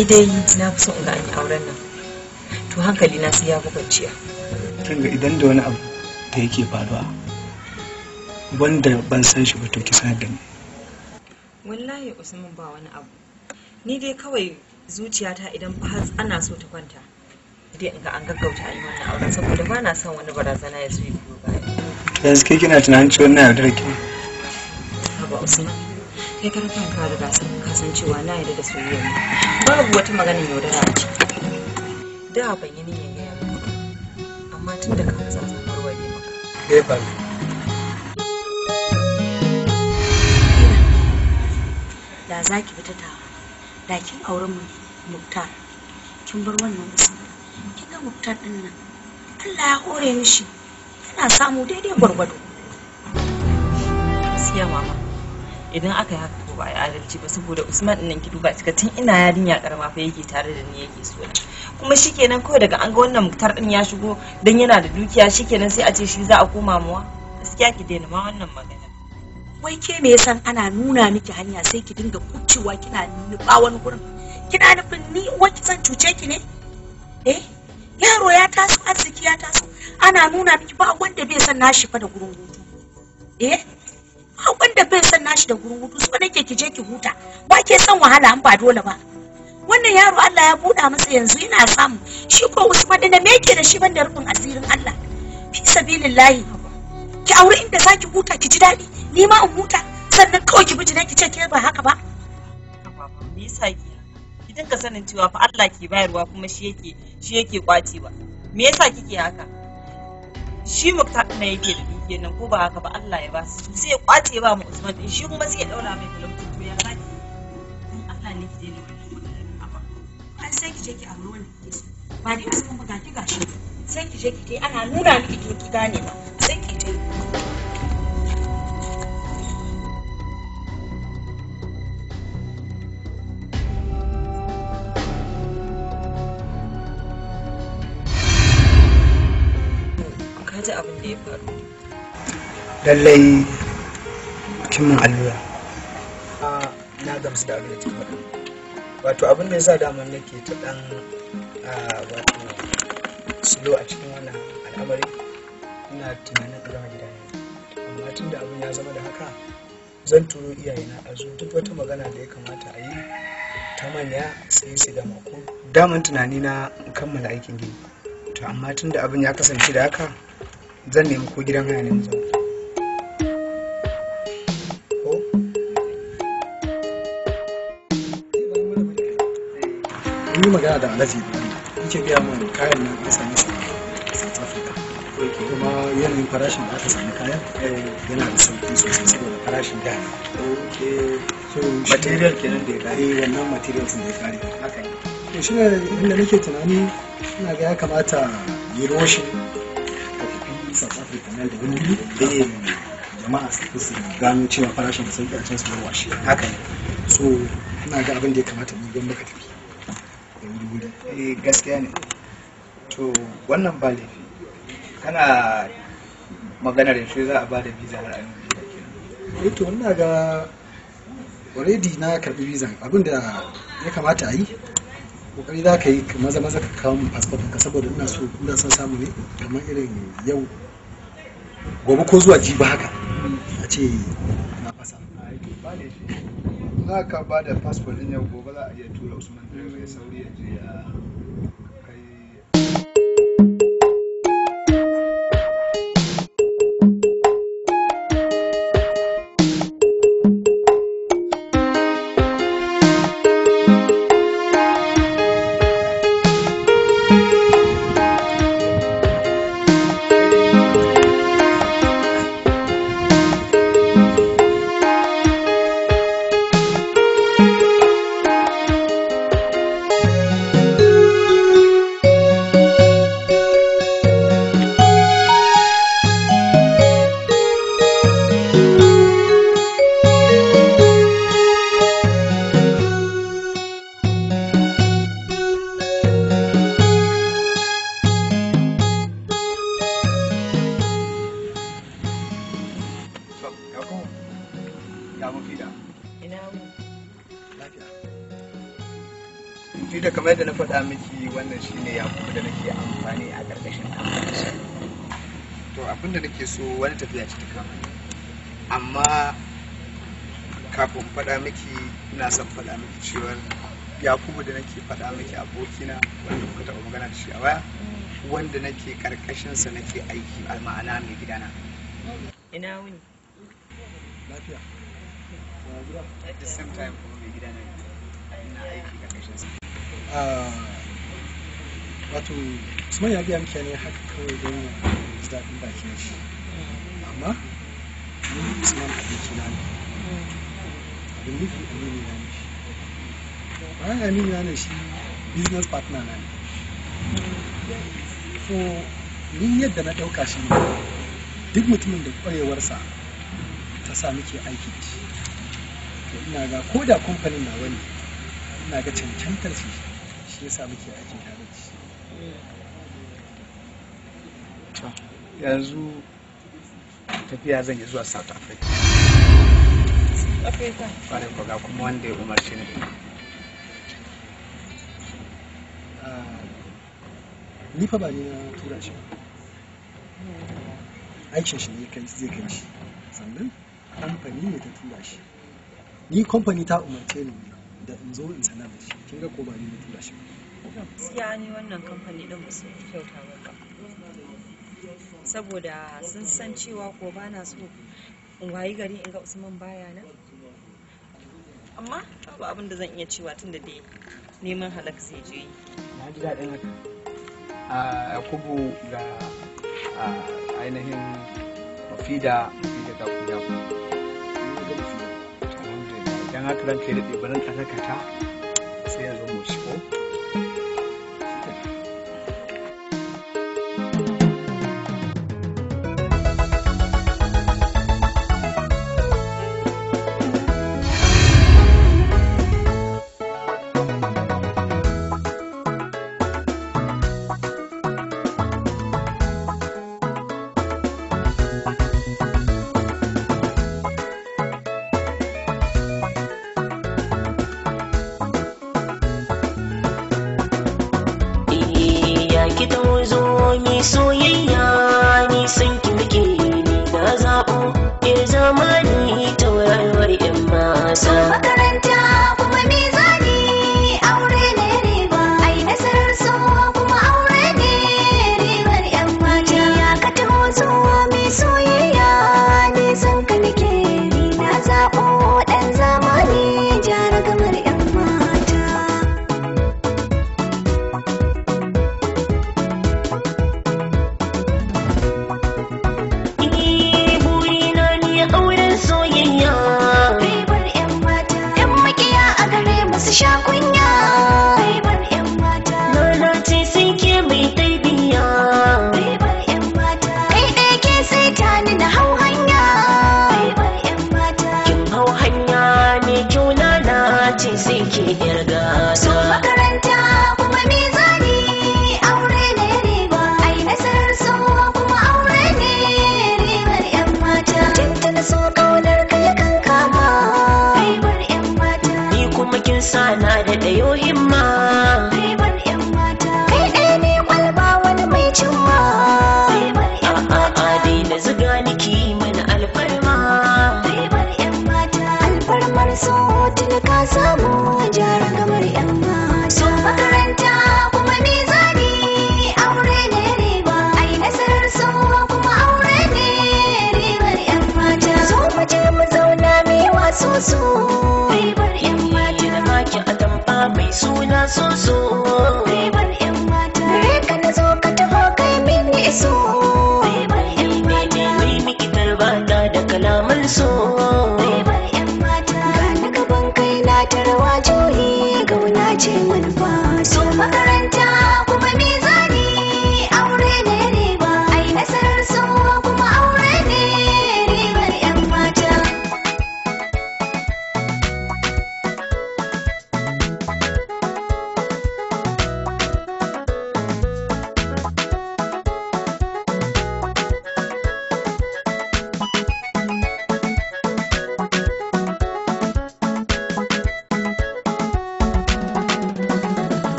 ni dai na fi son ga an yi auren nan to hankali na sai ya fi kwanciya kin ga idan da wani abu da yake faruwa wanda ban san shi ba to ki sanar da ni wallahi usman ba wani abu ni dai kawai zuciyata idan har ana so ta kwanta dai in ga an gaggauta a yi wannan auren saboda ba na son wani barazana ya zo ya biyo baya yanzu ke kina tunanin ciwon na yaudar ki ba usman kai karan kanka riga cewa na yarda da soyayya babu wata maganin yaudara a ciki da ban yi niyyar gaya ba, amma tun da ka kasa zan warware maka me ba da za ki fita ta da kin auren muktar kin bar wannan kusa kin ga muktar din nan Allah ya hore mishi yana samu daidai gwargwado gaskiya mama idan aka yi haka to ba ya adalci ba saboda usman ɗin nan ki duba cika tun ina ya karama fa yake tare da ni yake so na kuma shikenan kawai daga an ga wannan muktar ɗin ya shigo dan yana da dukiya shikenan sai a ce shi za a koma muwa gaskiya ki daina ma wannan magana wai ke me yasan ana nuna miki hanya sai ki dinga kucewa kina nufa wani gurin kina nufin ni Wai ki zan cuce ki ne eh yaro ya taso arziki ya taso ana nuna miki ba wanda bai san shi fa da gurin eh wanda bai san nashi da gurin hutu so nake ki je ki huta ba ke san wahala an ba dole ba wannan yaro Allah ya buɗa masa yanzu ina samu shi ko Usman da me yake da shi banda rubun asirin Allah fi sabilillahi ki aure inda zaki huta ki ji daɗi ni ma in huta sannan kawai ki bijina ki ce ke ba haka ba me yasa ki ki dinka sanin cewa fa Allah ke bayarwa kuma shi yake shi yake ba. me yasa kike haka shi mukta ne yake da kenan ko ba haka ba Allah ya ba su sai ya kwace ba mu Usman din shi kuma sai ya daura mai kullum to ya zaki in Allah ne ki je ne ai sai ki je ki aure wanda ba dai Usman ba gaki gashi sai ki je ki dai ana nuna miki to ki gane ba sai ki je ji abin da ya faru lallai mutumin allura na gamsu da abin da ta faɗa wato abin da ya sa damar nake ta ɗan wato silo a cikin wannan al'amari ina tunanin zama gida ne amma tun da abin ya zama da haka zan turo iyayena a zo duk wata magana da ya kamata a yi ta manya sai su da mako damar tunani na kammala aikin gini to amma tun da abin ya kasance da haka zan nemi ko gidan hanyar ne mu zama. magana da alaji bibi yake gaya mun kayan nan ya sami su south africa kuma yanayin farashin da aka sami kayan eh, yana da sauki sosai saboda farashin da ne so material kenan da ya kare eh, wannan material sun da ya kare haka ne shi ne inda nake tunani suna ga ya kamata yi roshin a tafi south africa nan da wani wuri eh. jama'a su su gano cewa farashin da sauki a can su yawa shi haka ne so ina ga abin da ya kamata ne yi don muka tafi guri eh gaskiya ne to wannan ba laifi kana maganar yaushe za a ba da visa har an yi eh, to ina ga already na karbi visa da ya kamata a yi kokari za ka yi maza maza ka kawo min passport ka saboda ina so ina son samu ne kamar irin yau gobe ko zuwa jibi haka a ce na fasa za ka ba da fasfo ɗin yau gobe za a iya tura usman da ya sauri ya je ya na mafida ina mu lafiya kamar yadda na faɗa miki wannan shi ne kuma da nake amfani a ƙarƙashin kamfanin to abin da nake so wani tafiya ce ta kama amma kafin faɗa miki ina son faɗa miki cewar yakubu da nake faɗa miki abokina wanda kuka taɓa magana da shi a waya wanda nake ƙarƙashinsa nake aiki a ma'ana mai gidana ina wuni lafiya at the same time ah, wato usman ya gaya miki ne haka kawai don ya ji daɗin bakin shi amma ni usman abinci na ne abin nufi amini na ne shi bayan amini na shi business partner na ne so ni yadda na ɗauka shi ne duk mutumin da ƙwarewarsa ta sa muke aiki da shi to ina ga ko da kamfanin na wani ina ga cancantar shi shi yasa muke aiki tare da shi yanzu tafiya zan yi zuwa south africa africa kwanan ga kuma wanda ya umarci ne ah, ni fa ba ni na tura shi aikin shi ne zai kai shi sannan kamfani ne ta tura shi ni kamfani ta umarce ni da in zo in sanar da shi kin ga ko ba ni na tura shi gaskiya ni wannan kamfani din ba su kyauta ba saboda sun san cewa ko ba na so in wayi gari in ga usman baya nan amma babu abin da zan iya cewa tun da dai neman halak zai je yi na ji daɗin haka a kubu ga ainihin mafida mafida ta kuma don haka ranka ya daɗe barin ka sakata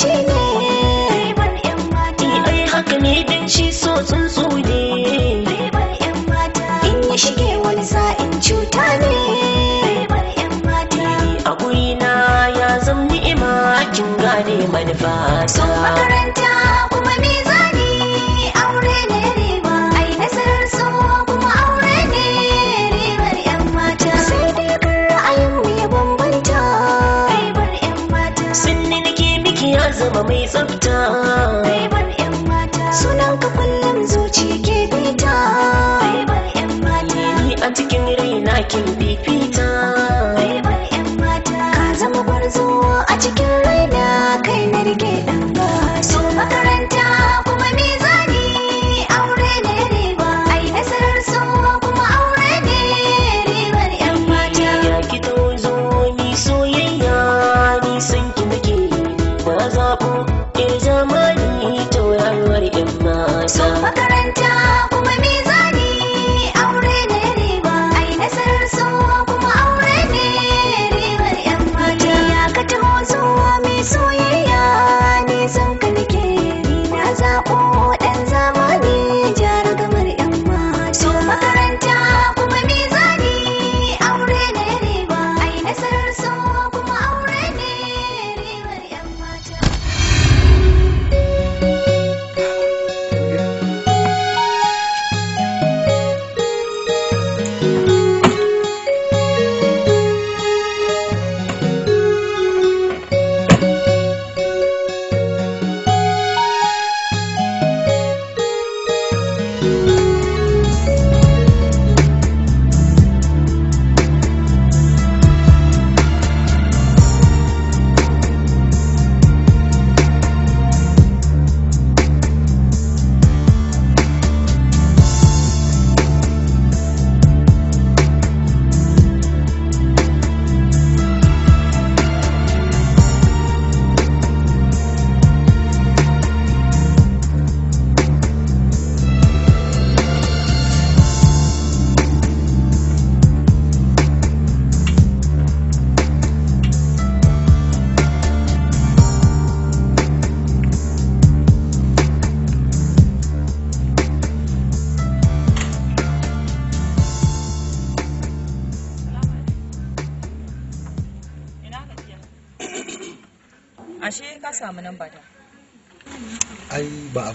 shi ne ribar yan mata eh, ai haka ne dan shi so tsuntsu ne ribar yan mata in ya shige wani sa'in cuta ne ribar yan mata eh, a na ya zam ni'ima kin gane manufa so makaranta mai tsafta Baibar yan mata Sunan ka zuci ke bita Baibar yan mata Ni a cikin raina kin bibita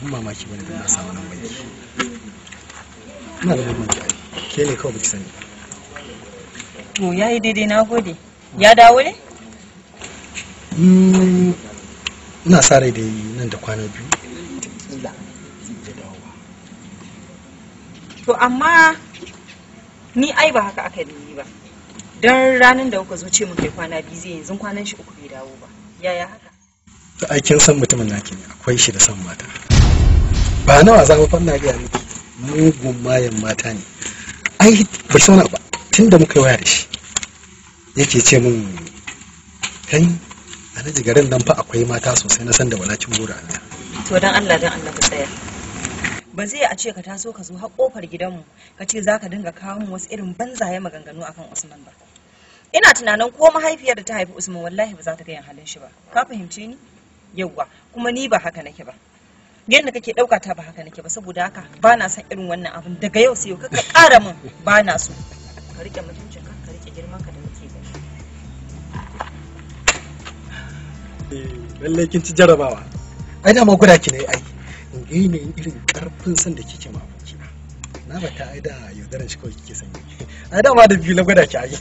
abin mamaki bane na sa wannan banki ina da ke ne kawai baki sani to yi daidai na gode ya dawo ne hmm, ina sa rai yi nan da kwana biyu to amma ni ai ba haka aka yi ba don ranar da kuka zo ce mun kai kwana biyu zai yanzu kwanan shi uku bai dawo ba yaya haka aikin san mutumin naki ne akwai shi da san mata ba nawa za ba fanna ga miki mugun mayan mata ne ai bai sauna ba tun da muka waya da shi yake ce min kai a na garin nan fa akwai mata sosai na san da wala cin goro a nan to dan Allah dan Allah ku tsaya ba zai a ce ka taso ka zo har kofar gidanmu ka ce za ka dinga kawo mu wasu irin banzaye maganganu akan Usman ba ina tunanin ko mahaifiyar da ta haifi Usman wallahi ba za ta ga yin halin shi ba ka fahimce ni yauwa kuma ni ba haka nake ba yadda kake dauka ta ba haka nake ba saboda haka ba na son irin wannan abin daga yau sai yau ka kara min ba na so ka rike mutuncin ka ka rike girman ka da muke gani eh, lallai kin ci jarabawa ai da ma guda ki ne ai in ga yanayin irin karfin san da kike ma abokina na ba ta aida yaudaran shi kawai kike sanyi ai ma da biyu na guda ki ayi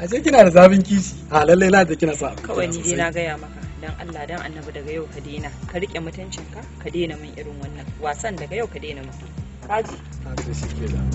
a ce kina da zabin kishi a lallai na da kina sa kawai ni dai na gaya maka dan Allah dan annabi daga yau ka daina ka rike mutuncinka ka daina min irin wannan wasan daga yau ka daina min kaji kaji shikenan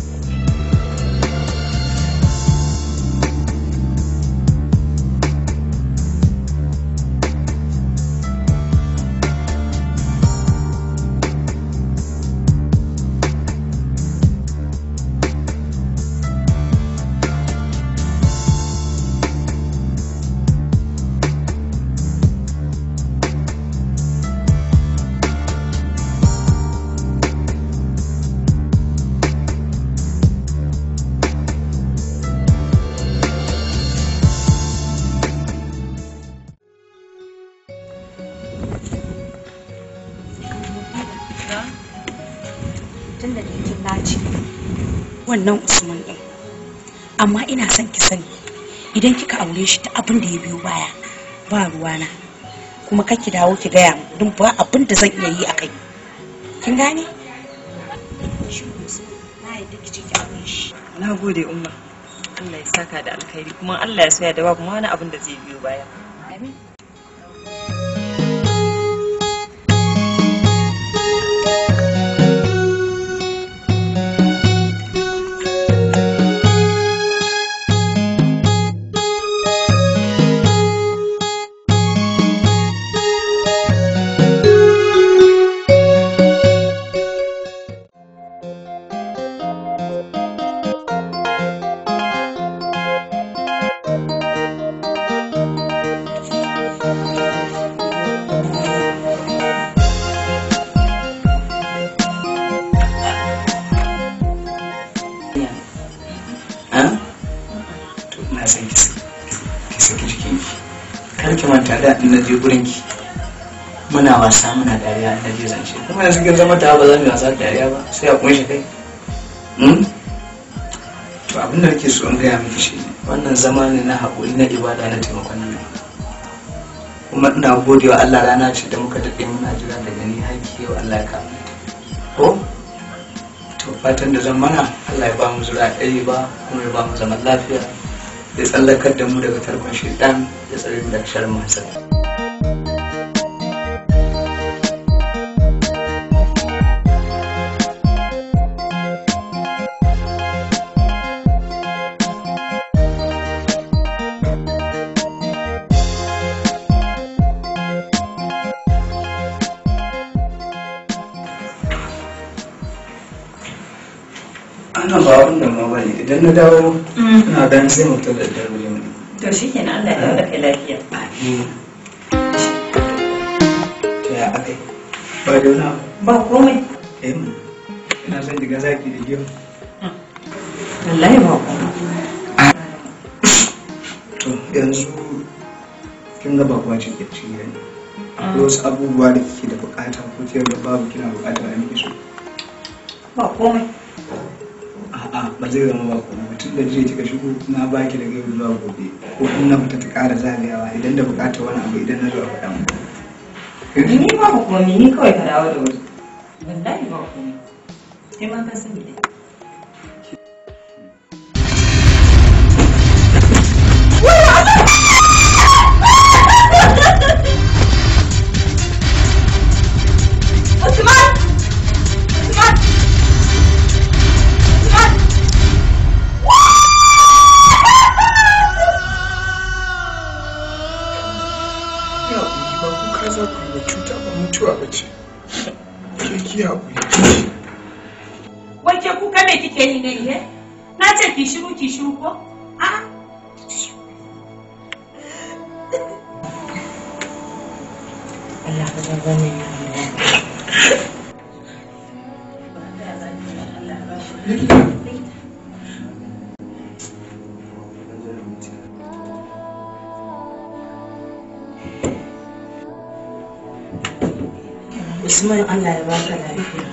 wannan usman din amma ina son ki sani idan kika aure shi ta abin da ya biyo baya ba ruwana kuma kake dawo ki gaya mu don ba abin da zan iya yi a kai kin gane na gode umma Allah ya saka da alkhairi kuma Allah ya soya da babu ma wani abin da zai biyo baya amin ina ki ki saki jikin ki kar ki manta da na je gurin ki muna wasa muna dariya na je zance kuma yanzu kin zama ta ba za mu wasa dariya ba sai a kunshi kai hmm? to abin da nake so in gaya miki shi wannan zama ne na haƙuri na ibada na taimakon nan kuma ina gode wa Allah rana ce da muka daɗe muna jira da gani haƙi yau Allah ka ko to fatan da zan mana Allah ya ba mu zura ɗaya ba kuma ya ba mu zaman lafiya ya tsallakar da mu daga tarkon shaitan ya tsare mu daga sharrin masa ba wannan ma bane idan na dawo mm. ina dan zai mutu da da wuri to shikenan Allah ya kai lafiya to mm. ya akai ba da na ba komai eh ina son diga zaki da giyo mm. wallahi ba komai to yanzu kin ga bakwa ce ke cikin gidan akwai wasu abubuwa da kike da bukata ko kiyar da babu kina bukata a yi su ba komai a'a ba zai zama ba kuma mutum da jiya kika shigo na baki da gaibu zuwa gobe ko in na fita ta ƙara zagayawa idan da bukata wani abu idan na zuwa faɗa muku. Ni ba ku kuma ni kawai ka dawo da wuri. Wallahi ba ku ne. Sai ma ka sani barin Allah ya baka lafiya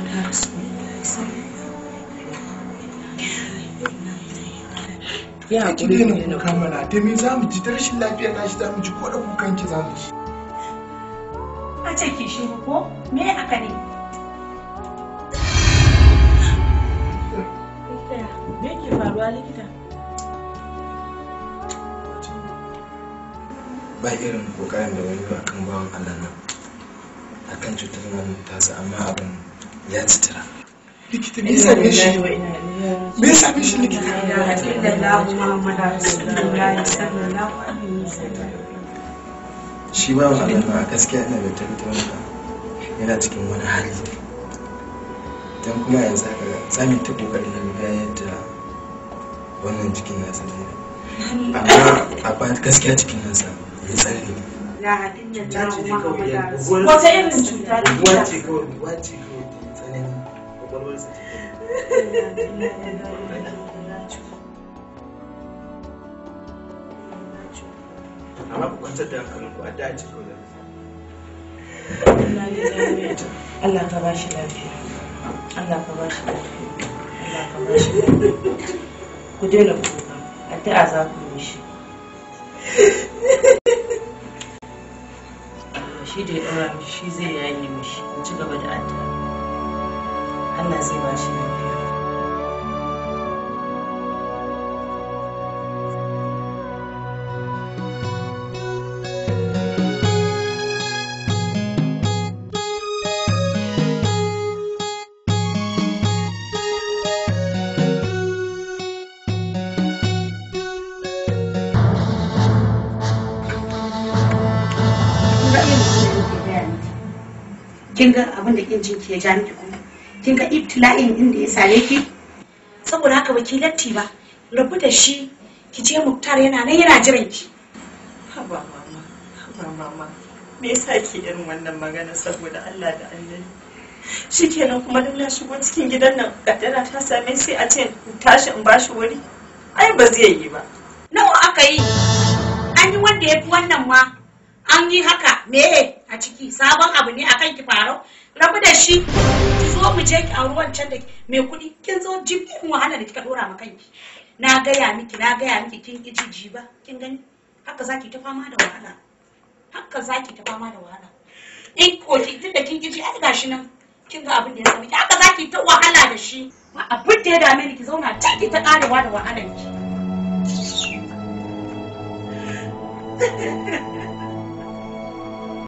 ya hakuri ne na kammala ta me za mu ji ta lafiya na shi za mu ji ko da kukan ki za mu ji a ce shi ko me haka ne me ke faruwa likita ba irin kokarin da wani akan bawan Allah nan cutar ta tasa amma abin ya citira likita me yasa shi me ya me shi likita shi ba alama a gaskiya ina da tabbatar yana cikin wani hali don kuma yanzu haka za mu ta kokarin da mu ga yadda wannan jikin nasa ne amma a gaskiya cikin nasa ya tsare ne la wata irin cuta Allah ka ba shi lafiya Allah ka ba shi lafiya Allah ka ba shi lafiya ku daina kuka addu'a za ku yi shi shi da ya ɗora shi zai yaye mishi ci gaba da addu'a Allah zai ba shi lafiya abin da kin jinki ya ja miki kuma kin ga ibtila'in inda ya same ki saboda haka ba ki latti ba rabu da shi ki je muktar yana nan yana jiran ki haba mama haba mama me yasa ki irin wannan magana saboda Allah da Annabi kenan kuma dan na shigo cikin gidan nan kaddara ta same sai a ce tashi in bashi wuri ai ba zai yi ba nawa aka yi an yi wanda ya fi wannan ma an yi haka me a ciki sabon abu ne akan ki faru. rabu da shi ki zo mu je ki auri wancan da mai kuɗi kin zo jibin wahala da kika dora ma kanki na gaya miki na gaya miki kin ki jiji ba kin gani haka zaki ta fama da wahala haka zaki ta fama da wahala in ko ki da kin ki ji ai gashi nan kin ga abin da ya sami ki haka zaki ta wahala da shi ba abin da ya dame ki zauna ta ki ta karewa da wahalar ki